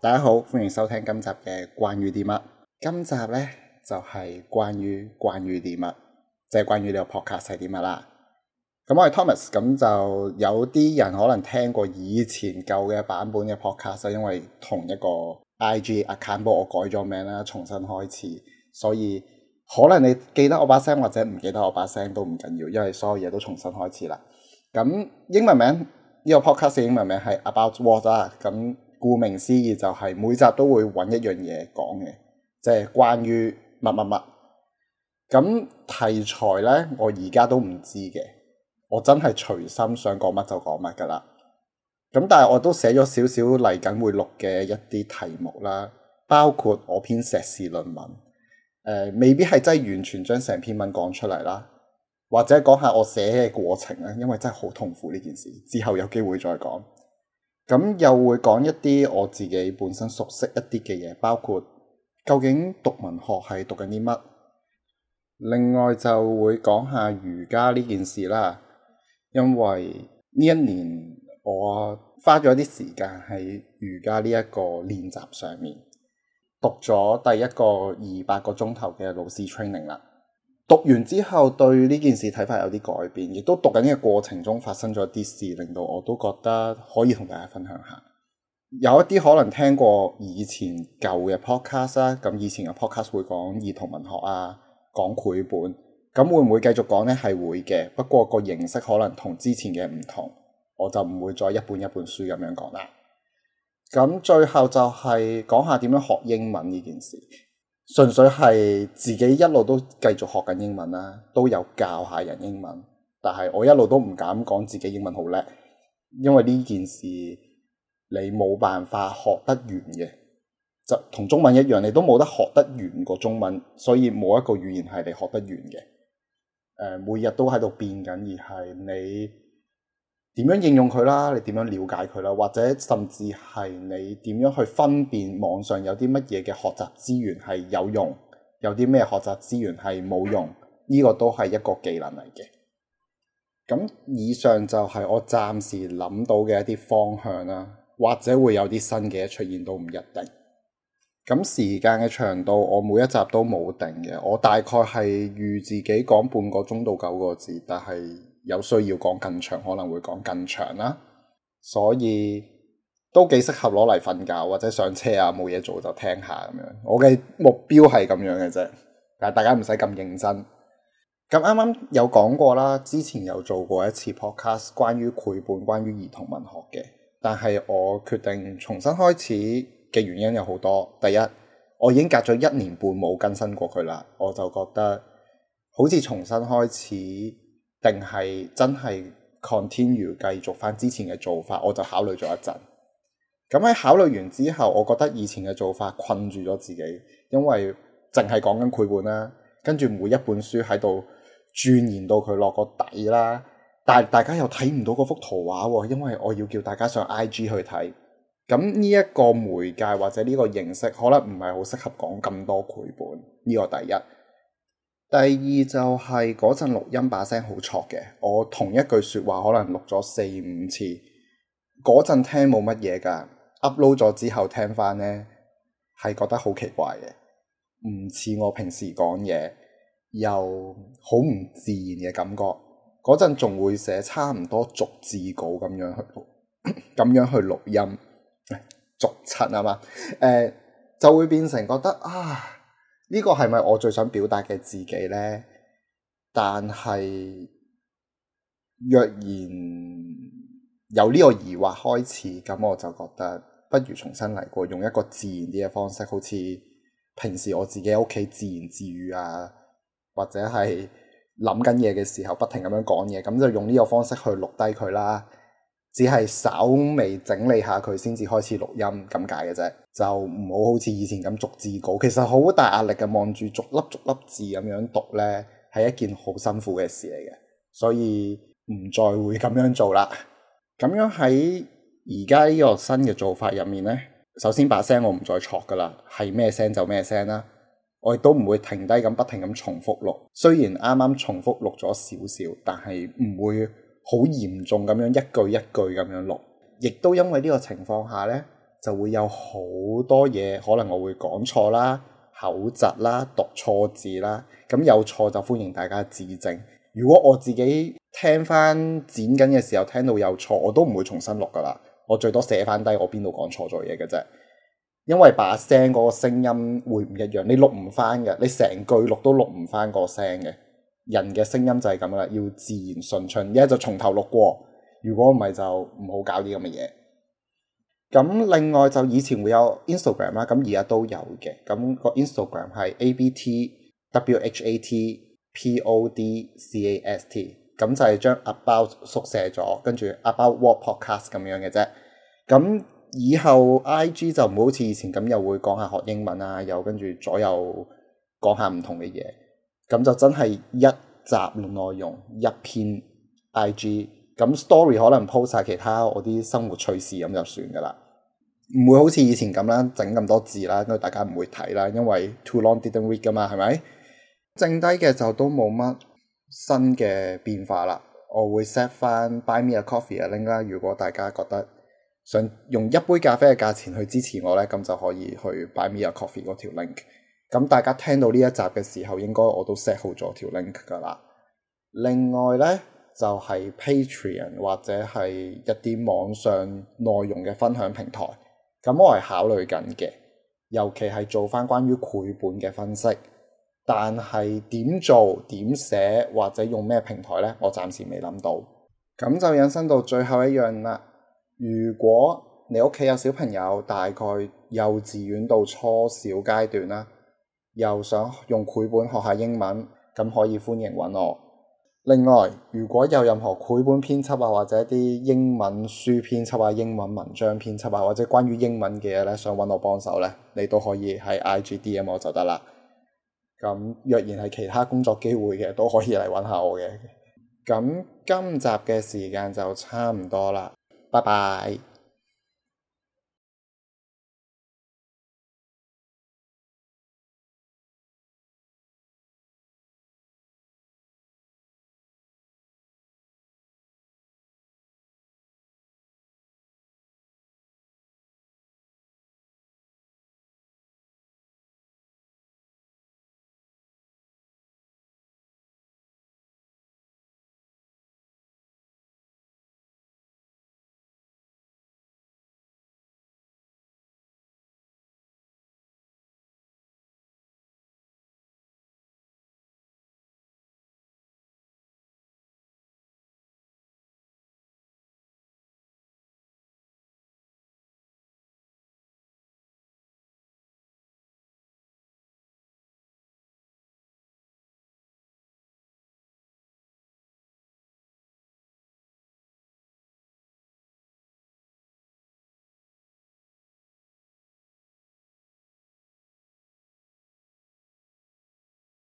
大家好，歡迎收聽今集嘅關於啲乜？今集咧就係、是、關於關於啲乜，即係關於呢個 podcast 係點乜啦。咁我係 Thomas，咁就有啲人可能聽過以前舊嘅版本嘅 podcast 就因為同一個。I.G. account 我改咗名啦，重新開始，所以可能你記得我把聲或者唔記得我把聲都唔緊要，因為所有嘢都重新開始啦。咁英文名呢個 podcast 英文名係 About What 啊，咁顧名思義就係每集都會揾一樣嘢講嘅，即係關於乜乜乜。咁題材咧，我而家都唔知嘅，我真係隨心想講乜就講乜噶啦。咁但係我都寫咗少少嚟緊會錄嘅一啲題目啦，包括我篇碩士論文，誒、呃，未必係真係完全將成篇文講出嚟啦，或者講下我寫嘅過程啊，因為真係好痛苦呢件事，之後有機會再講。咁、嗯、又會講一啲我自己本身熟悉一啲嘅嘢，包括究竟讀文學系讀緊啲乜？另外就會講下瑜伽呢件事啦，因為呢一年。我花咗啲時間喺瑜伽呢一個練習上面，讀咗第一個二百個鐘頭嘅老師 training 啦。讀完之後，對呢件事睇法有啲改變，亦都讀緊嘅過程中發生咗啲事，令到我都覺得可以同大家分享下。有一啲可能聽過以前舊嘅 podcast 啦，咁以前嘅 podcast 會講兒童文學啊，講繪本，咁會唔會繼續講呢？係會嘅，不過個形式可能同之前嘅唔同。我就唔會再一本一本書咁樣講啦。咁最後就係講下點樣學英文呢件事，純粹係自己一路都繼續學緊英文啦，都有教下人英文。但係我一路都唔敢講自己英文好叻，因為呢件事你冇辦法學得完嘅，就同中文一樣，你都冇得學得完個中文，所以冇一個語言係你學得完嘅。呃，每日都喺度變緊，而係你。點樣應用佢啦？你點樣了解佢啦？或者甚至係你點樣去分辨網上有啲乜嘢嘅學習資源係有用，有啲咩學習資源係冇用？呢個都係一個技能嚟嘅。咁以上就係我暫時諗到嘅一啲方向啦，或者會有啲新嘅出現都唔一定。咁時間嘅長度，我每一集都冇定嘅，我大概係預自己講半個鐘到九個字，但係，有需要講更長，可能會講更長啦，所以都幾適合攞嚟瞓覺或者上車啊，冇嘢做就聽下咁樣。我嘅目標係咁樣嘅啫，但大家唔使咁認真。咁啱啱有講過啦，之前有做過一次 podcast 關於繪本關於兒童文學嘅，但係我決定重新開始嘅原因有好多。第一，我已經隔咗一年半冇更新過佢啦，我就覺得好似重新開始。定係真係 continue 繼續翻之前嘅做法，我就考慮咗一陣。咁喺考慮完之後，我覺得以前嘅做法困住咗自己，因為淨係講緊繪本啦，跟住每一本書喺度鑽研到佢落個底啦，但大家又睇唔到嗰幅圖畫喎，因為我要叫大家上 IG 去睇。咁呢一個媒介或者呢個形式，可能唔係好適合講咁多繪本。呢個第一。第二就係嗰陣錄音把聲好錯嘅，我同一句説話可能錄咗四五次，嗰陣聽冇乜嘢㗎，upload 咗之後聽返呢，係覺得好奇怪嘅，唔似我平時講嘢，又好唔自然嘅感覺。嗰陣仲會寫差唔多逐字稿咁樣去錄，咁 樣去錄音，逐七係嘛？誒、欸，就會變成覺得啊～呢個係咪我最想表達嘅自己咧？但係若然有呢個疑惑開始，咁我就覺得不如重新嚟過，用一個自然啲嘅方式，好似平時我自己喺屋企自言自語啊，或者係諗緊嘢嘅時候不停咁樣講嘢，咁就用呢個方式去錄低佢啦。只係稍微整理下佢，先至開始錄音咁解嘅啫，就唔好好似以前咁逐字稿，其實好大壓力嘅。望住逐粒逐粒字咁樣讀咧，係一件好辛苦嘅事嚟嘅，所以唔再會咁樣做啦。咁樣喺而家呢個新嘅做法入面咧，首先把聲我唔再錯噶啦，係咩聲就咩聲啦，我亦都唔會停低咁不停咁重複錄，雖然啱啱重複錄咗少少，但係唔會。好嚴重咁樣一句一句咁樣錄，亦都因為呢個情況下呢，就會有好多嘢可能我會講錯啦、口窒啦、讀錯字啦。咁有錯就歡迎大家指正。如果我自己聽翻剪緊嘅時候聽到有錯，我都唔會重新錄㗎啦。我最多寫翻低我邊度講錯咗嘢嘅啫。因為把聲嗰個聲音會唔一樣，你錄唔翻嘅，你成句錄都錄唔翻個聲嘅。人嘅聲音就係咁啦，要自然順暢。而家就從頭錄過，如果唔係就唔好搞啲咁嘅嘢。咁另外就以前會有 Instagram 啦，咁而家都有嘅。咁個 Instagram 係 A B T W H A T P O D C A S T，咁就係將 about 縮寫咗，跟住 about what podcast 咁樣嘅啫。咁以後 I G 就唔好似以前咁，又會講下學英文啊，又跟住左右講下唔同嘅嘢。咁就真係一集內容一篇 IG，咁 story 可能 po 晒其他我啲生活趣事咁就算噶啦，唔會好似以前咁啦，整咁多字啦，因為大家唔會睇啦，因為 too long didn't read 噶嘛，係咪？剩低嘅就都冇乜新嘅變化啦。我會 set 翻 buy me a coffee 嘅 link 啦。如果大家覺得想用一杯咖啡嘅價錢去支持我咧，咁就可以去 buy me a coffee 嗰條 link。咁大家聽到呢一集嘅時候，應該我都 set 好咗條 link 噶啦。另外呢，就係 Patreon 或者係一啲網上內容嘅分享平台。咁我係考慮緊嘅，尤其係做翻關於繪本嘅分析，但係點做、點寫或者用咩平台呢？我暫時未諗到。咁就引申到最後一樣啦。如果你屋企有小朋友，大概幼稚園到初小階段啦。又想用繪本學下英文，咁可以歡迎揾我。另外，如果有任何繪本編輯啊，或者啲英文書編輯啊、英文文章編輯啊，或者關於英文嘅嘢咧，想揾我幫手咧，你都可以喺 IGDM 我就得啦。咁若然係其他工作機會嘅，都可以嚟揾下我嘅。咁今集嘅時間就差唔多啦，拜拜。